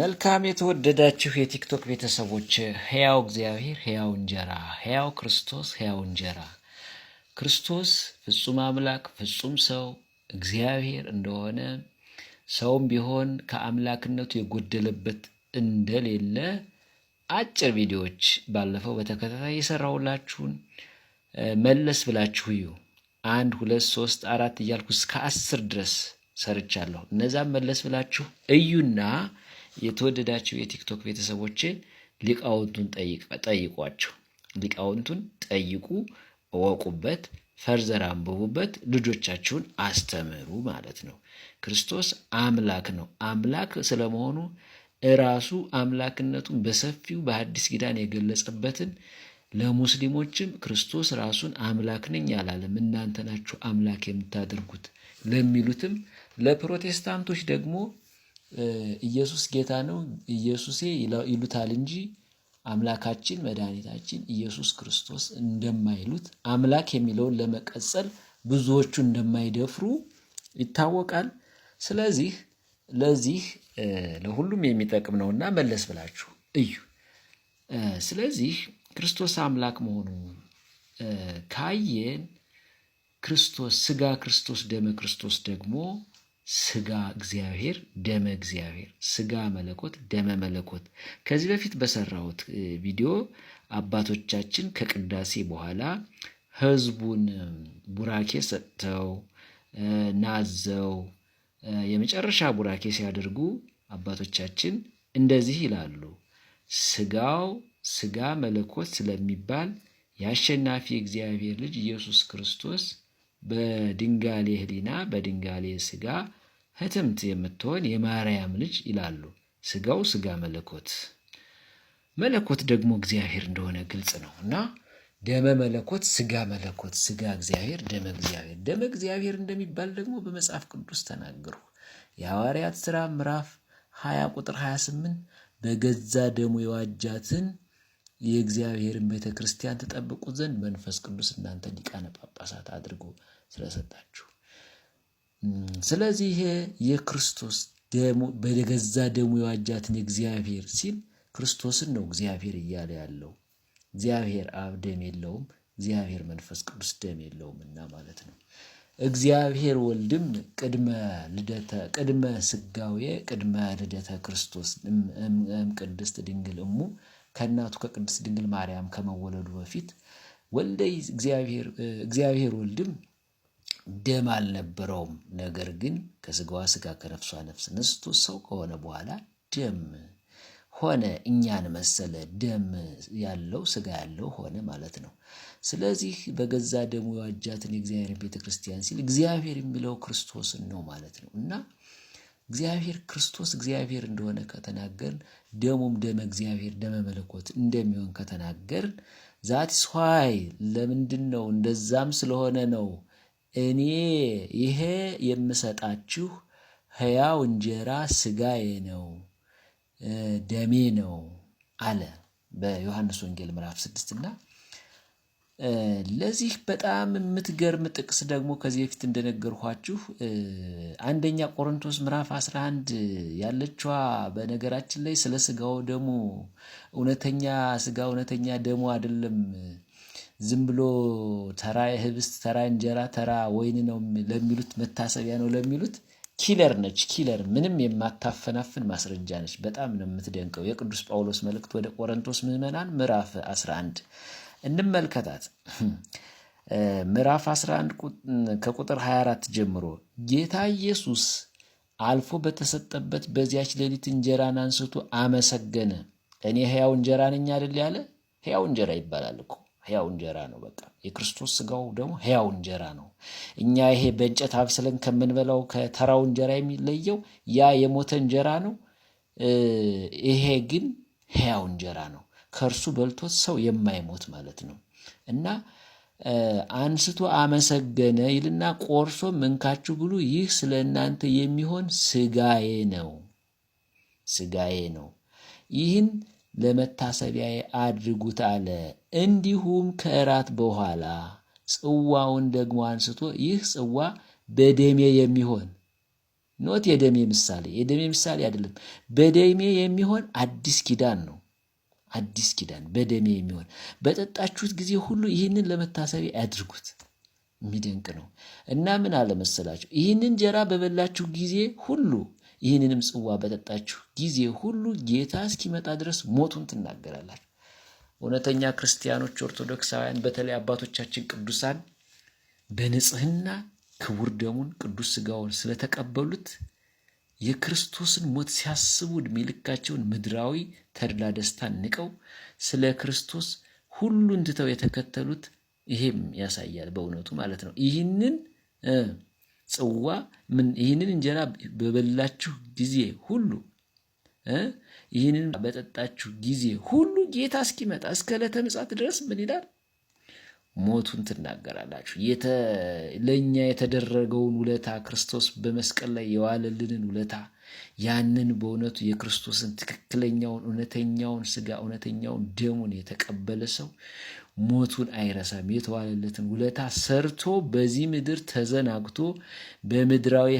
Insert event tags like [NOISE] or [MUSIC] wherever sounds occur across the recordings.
መልካም የተወደዳችሁ የቲክቶክ ቤተሰቦች፣ ሕያው እግዚአብሔር፣ ሕያው እንጀራ፣ ሕያው ክርስቶስ፣ ሕያው እንጀራ ክርስቶስ ፍጹም አምላክ ፍጹም ሰው እግዚአብሔር እንደሆነ ሰውም ቢሆን ከአምላክነቱ የጎደለበት እንደሌለ አጭር ቪዲዮዎች ባለፈው በተከታታይ የሰራሁላችሁን መለስ ብላችሁ እዩ። አንድ ሁለት ሶስት አራት እያልኩ እስከ አስር ድረስ ሰርቻለሁ። እነዛም መለስ ብላችሁ እዩና የተወደዳችሁ የቲክቶክ ቤተሰቦቼ ሊቃውንቱን ጠይቋቸው። ሊቃውንቱን ጠይቁ፣ እወቁበት፣ ፈርዘር አንብቡበት፣ ልጆቻችሁን አስተምሩ ማለት ነው። ክርስቶስ አምላክ ነው። አምላክ ስለመሆኑ እራሱ አምላክነቱን በሰፊው በአዲስ ኪዳን የገለጸበትን ለሙስሊሞችም ክርስቶስ ራሱን አምላክ ነኝ አላለም። እናንተ ናችሁ አምላክ የምታደርጉት ለሚሉትም ለፕሮቴስታንቶች ደግሞ ኢየሱስ ጌታ ነው ኢየሱሴ ይሉታል እንጂ አምላካችን መድኃኒታችን ኢየሱስ ክርስቶስ እንደማይሉት አምላክ የሚለውን ለመቀጸል ብዙዎቹ እንደማይደፍሩ ይታወቃል። ስለዚህ ለዚህ ለሁሉም የሚጠቅም ነውና መለስ ብላችሁ እዩ። ስለዚህ ክርስቶስ አምላክ መሆኑ ካየን ክርስቶስ ስጋ ክርስቶስ ደመ ክርስቶስ ደግሞ ስጋ እግዚአብሔር ደመ እግዚአብሔር፣ ስጋ መለኮት ደመ መለኮት። ከዚህ በፊት በሰራሁት ቪዲዮ አባቶቻችን ከቅዳሴ በኋላ ህዝቡን ቡራኬ ሰጥተው ናዘው የመጨረሻ ቡራኬ ሲያደርጉ አባቶቻችን እንደዚህ ይላሉ። ስጋው ስጋ መለኮት ስለሚባል የአሸናፊ እግዚአብሔር ልጅ ኢየሱስ ክርስቶስ በድንጋሌ ህሊና በድንጋሌ ስጋ ህትምት የምትሆን የማርያም ልጅ ይላሉ። ስጋው ስጋ መለኮት፣ መለኮት ደግሞ እግዚአብሔር እንደሆነ ግልጽ ነው እና ደመ መለኮት ስጋ መለኮት፣ ስጋ እግዚአብሔር፣ ደመ እግዚአብሔር። ደመ እግዚአብሔር እንደሚባል ደግሞ በመጽሐፍ ቅዱስ ተናገሩ። የሐዋርያት ሥራ ምዕራፍ 20 ቁጥር 28 በገዛ ደሙ የዋጃትን የእግዚአብሔርን ቤተ ክርስቲያን ተጠብቁት ዘንድ መንፈስ ቅዱስ እናንተ ሊቃነ ጳጳሳት አድርጎ ስለሰጣችሁ። ስለዚህ ይሄ የክርስቶስ ደሙ በገዛ ደሙ የዋጃትን እግዚአብሔር ሲል ክርስቶስን ነው እግዚአብሔር እያለ ያለው። እግዚአብሔር አብ ደም የለውም፣ እግዚአብሔር መንፈስ ቅዱስ ደም የለውምና ማለት ነው። እግዚአብሔር ወልድም ቅድመ ልደተ ቅድመ ስጋዌ ቅድመ ልደተ ክርስቶስ ቅድስት ድንግል እሙ ከእናቱ ከቅድስት ድንግል ማርያም ከመወለዱ በፊት ወልደይ እግዚአብሔር ወልድም ደም አልነበረውም። ነገር ግን ከስጋዋ ስጋ ከነፍሷ ነፍስ ነስቶ ሰው ከሆነ በኋላ ደም ሆነ። እኛን መሰለ ደም ያለው ስጋ ያለው ሆነ ማለት ነው። ስለዚህ በገዛ ደሙ የዋጃትን የእግዚአብሔር ቤተ ክርስቲያን ሲል እግዚአብሔር የሚለው ክርስቶስን ነው ማለት ነው እና እግዚአብሔር ክርስቶስ እግዚአብሔር እንደሆነ ከተናገርን ደሙም ደመ እግዚአብሔር ደመ መለኮት እንደሚሆን ከተናገርን ዛትስ ዋይ ለምንድን ነው እንደዛም ስለሆነ ነው እኔ ይሄ የምሰጣችሁ ሕያው እንጀራ ስጋዬ ነው ደሜ ነው አለ በዮሐንስ ወንጌል ምዕራፍ ስድስት እና ለዚህ በጣም የምትገርም ጥቅስ ደግሞ ከዚህ በፊት እንደነገርኋችሁ አንደኛ ቆሮንቶስ ምዕራፍ 11 ያለችዋ በነገራችን ላይ ስለ ስጋው ደሙ እውነተኛ ስጋ እውነተኛ ደሙ አይደለም ዝም ብሎ ተራ ህብስት፣ ተራ እንጀራ፣ ተራ ወይን ነው ለሚሉት መታሰቢያ ነው ለሚሉት ኪለር ነች። ኪለር ምንም የማታፈናፍን ማስረጃ ነች። በጣም ነው የምትደንቀው። የቅዱስ ጳውሎስ መልእክት ወደ ቆረንቶስ ምዕመናን ምዕራፍ 11 እንመልከታት። [CLEARS THROAT] ምዕራፍ 11 ከቁጥር 24 ጀምሮ ጌታ ኢየሱስ አልፎ በተሰጠበት በዚያች ሌሊት እንጀራን አንስቶ አመሰገነ። እኔ ሕያው እንጀራ ነኝ አይደል ያለ። ሕያው እንጀራ ይባላል እኮ ህያው እንጀራ ነው። በቃ የክርስቶስ ስጋው ደግሞ ህያው እንጀራ ነው። እኛ ይሄ በእንጨት አብስለን ከምንበላው ከተራው እንጀራ የሚለየው ያ የሞተ እንጀራ ነው። ይሄ ግን ህያው እንጀራ ነው። ከእርሱ በልቶት ሰው የማይሞት ማለት ነው እና አንስቶ አመሰገነ ይልና ቆርሶ እንካችሁ ብሉ፣ ይህ ስለ እናንተ የሚሆን ስጋዬ ነው። ስጋዬ ነው ይህን ለመታሰቢያዬ አድርጉት አለ። እንዲሁም ከእራት በኋላ ጽዋውን ደግሞ አንስቶ ይህ ጽዋ በደሜ የሚሆን ኖት የደሜ ምሳሌ የደሜ ምሳሌ አይደለም፣ በደሜ የሚሆን አዲስ ኪዳን ነው። አዲስ ኪዳን በደሜ የሚሆን በጠጣችሁት ጊዜ ሁሉ ይህንን ለመታሰቢያ ያድርጉት። የሚደንቅ ነው እና ምን አለመሰላችሁ? ይህንን እንጀራ በበላችሁ ጊዜ ሁሉ ይህንንም ጽዋ በጠጣችሁ ጊዜ ሁሉ ጌታ እስኪመጣ ድረስ ሞቱን ትናገራላችሁ። እውነተኛ ክርስቲያኖች፣ ኦርቶዶክሳውያን፣ በተለይ አባቶቻችን ቅዱሳን በንጽህና ክቡር ደሙን ቅዱስ ስጋውን ስለተቀበሉት የክርስቶስን ሞት ሲያስቡ ዕድሜ ልካቸውን ምድራዊ ተድላ ደስታ ንቀው ስለ ክርስቶስ ሁሉን ትተው የተከተሉት ይሄም ያሳያል በእውነቱ ማለት ነው። ይህንን ጽዋ ይህንን እንጀራ በበላችሁ ጊዜ ሁሉ ይህንን በጠጣችሁ ጊዜ ሁሉ ጌታ እስኪመጣ እስከ ዕለተ ምጽአት ድረስ ምን ይላል? ሞቱን ትናገራላችሁ። ለእኛ የተደረገውን ውለታ ክርስቶስ በመስቀል ላይ የዋለልንን ውለታ ያንን በእውነቱ የክርስቶስን ትክክለኛውን እውነተኛውን ስጋ እውነተኛውን ደሙን የተቀበለ ሰው ሞቱን አይረሳም። የተዋለለትን ውለታ ሰርቶ በዚህ ምድር ተዘናግቶ በምድራዊ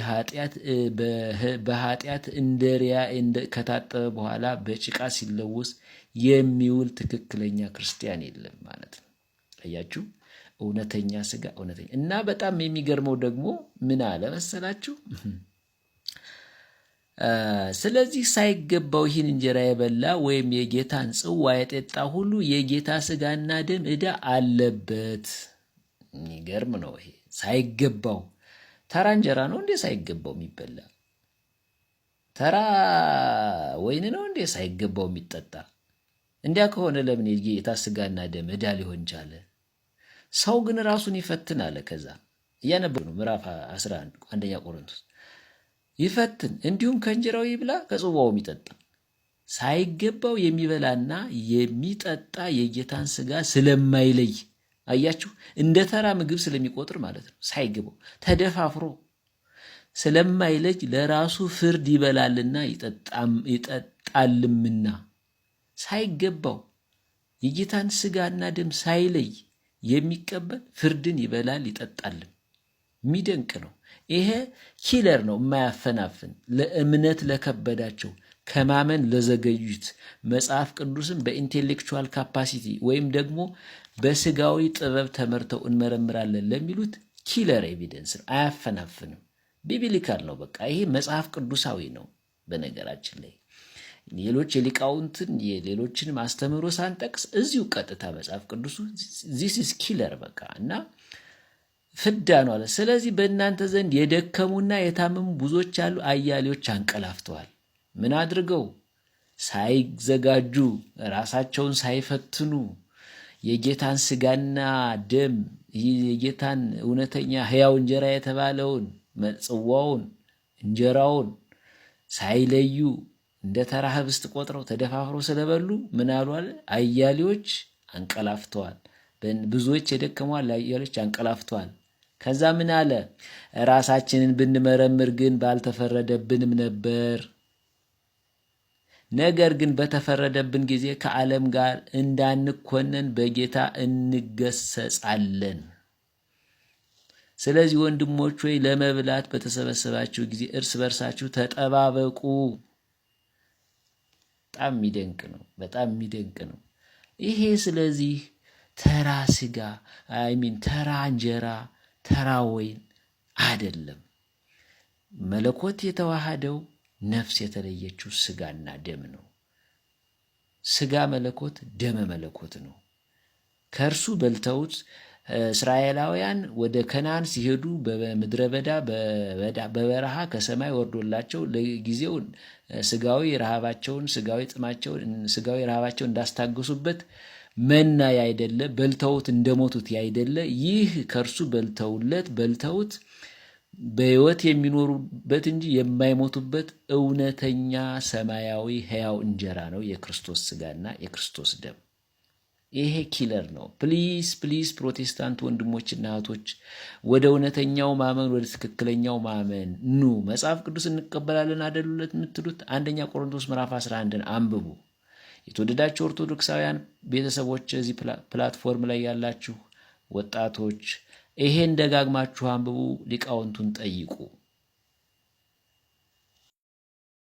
በኃጢአት እንደሪያ ከታጠበ በኋላ በጭቃ ሲለወስ የሚውል ትክክለኛ ክርስቲያን የለም ማለት ነው። አያችሁ፣ እውነተኛ ስጋ እውነተኛ እና በጣም የሚገርመው ደግሞ ምን አለ መሰላችሁ ስለዚህ ሳይገባው ይህን እንጀራ የበላ ወይም የጌታን ጽዋ የጠጣ ሁሉ የጌታ ስጋና ደም ዕዳ አለበት። የሚገርም ነው ይሄ። ሳይገባው ተራ እንጀራ ነው እንዴ ሳይገባው የሚበላ? ተራ ወይን ነው እንዴ ሳይገባው የሚጠጣ? እንዲያ ከሆነ ለምን የጌታ ስጋና ደም ዕዳ ሊሆን ቻለ? ሰው ግን ራሱን ይፈትን አለ። ከዛ እያነበብኩ ነው ምዕራፍ 11 አንደኛ ቆሮንቶስ ይፈትን እንዲሁም ከእንጀራው ይብላ ከጽዋውም ይጠጣ። ሳይገባው የሚበላና የሚጠጣ የጌታን ስጋ ስለማይለይ አያችሁ፣ እንደ ተራ ምግብ ስለሚቆጥር ማለት ነው። ሳይገባው ተደፋፍሮ ስለማይለይ ለራሱ ፍርድ ይበላልና ይጠጣልምና ሳይገባው የጌታን ስጋና ደም ሳይለይ የሚቀበል ፍርድን ይበላል ይጠጣልም። የሚደንቅ ነው። ይሄ ኪለር ነው፣ የማያፈናፍን ለእምነት ለከበዳቸው ከማመን ለዘገዩት መጽሐፍ ቅዱስን በኢንቴሌክቹዋል ካፓሲቲ ወይም ደግሞ በስጋዊ ጥበብ ተመርተው እንመረምራለን ለሚሉት ኪለር ኤቪደንስ ነው። አያፈናፍንም። ቢቢሊካል ነው። በቃ ይሄ መጽሐፍ ቅዱሳዊ ነው። በነገራችን ላይ ሌሎች የሊቃውንትን የሌሎችንም አስተምህሮ ሳንጠቅስ እዚሁ ቀጥታ መጽሐፍ ቅዱሱ ዚስ ኢዝ ኪለር በቃ እና ፍዳ ነው አለ። ስለዚህ በእናንተ ዘንድ የደከሙና የታመሙ ብዙዎች አሉ፣ አያሌዎች አንቀላፍተዋል። ምን አድርገው ሳይዘጋጁ ራሳቸውን ሳይፈትኑ የጌታን ስጋና ደም የጌታን እውነተኛ ሕያው እንጀራ የተባለውን ጽዋውን እንጀራውን ሳይለዩ እንደ ተራ ህብስት ቆጥረው ተደፋፍሮ ስለበሉ ምን አሏል? አያሌዎች አንቀላፍተዋል። ብዙዎች የደከመዋል፣ አያሌዎች አንቀላፍተዋል። ከዛ ምን አለ? ራሳችንን ብንመረምር ግን ባልተፈረደብንም ነበር። ነገር ግን በተፈረደብን ጊዜ ከዓለም ጋር እንዳንኮነን በጌታ እንገሰጻለን። ስለዚህ ወንድሞች ሆይ ለመብላት በተሰበሰባችሁ ጊዜ እርስ በርሳችሁ ተጠባበቁ። በጣም የሚደንቅ ነው። በጣም የሚደንቅ ነው ይሄ። ስለዚህ ተራ ስጋ አይሚን ተራ እንጀራ ተራ ወይን አይደለም። መለኮት የተዋሃደው ነፍስ የተለየችው ስጋና ደም ነው። ስጋ መለኮት፣ ደመ መለኮት ነው። ከእርሱ በልተውት እስራኤላውያን ወደ ከናን ሲሄዱ በምድረ በዳ በበረሃ ከሰማይ ወርዶላቸው ለጊዜው ስጋዊ ረሃባቸውን ስጋዊ ጥማቸውን ስጋዊ ረሃባቸውን እንዳስታገሱበት መና ያይደለ በልተውት እንደሞቱት ያይደለ ይህ ከእርሱ በልተውለት በልተውት በሕይወት የሚኖሩበት እንጂ የማይሞቱበት እውነተኛ ሰማያዊ ሕያው እንጀራ ነው የክርስቶስ ስጋና የክርስቶስ ደም። ይሄ ኪለር ነው። ፕሊስ ፕሊስ ፕሮቴስታንት ወንድሞችና እህቶች ወደ እውነተኛው ማመን ወደ ትክክለኛው ማመን ኑ። መጽሐፍ ቅዱስ እንቀበላለን አደሉለት የምትሉት አንደኛ ቆሮንቶስ ምዕራፍ 11ን አንብቡ። የተወደዳችሁ ኦርቶዶክሳውያን ቤተሰቦች እዚህ ፕላትፎርም ላይ ያላችሁ ወጣቶች ይሄን ደጋግማችሁ አንብቡ፣ ሊቃውንቱን ጠይቁ።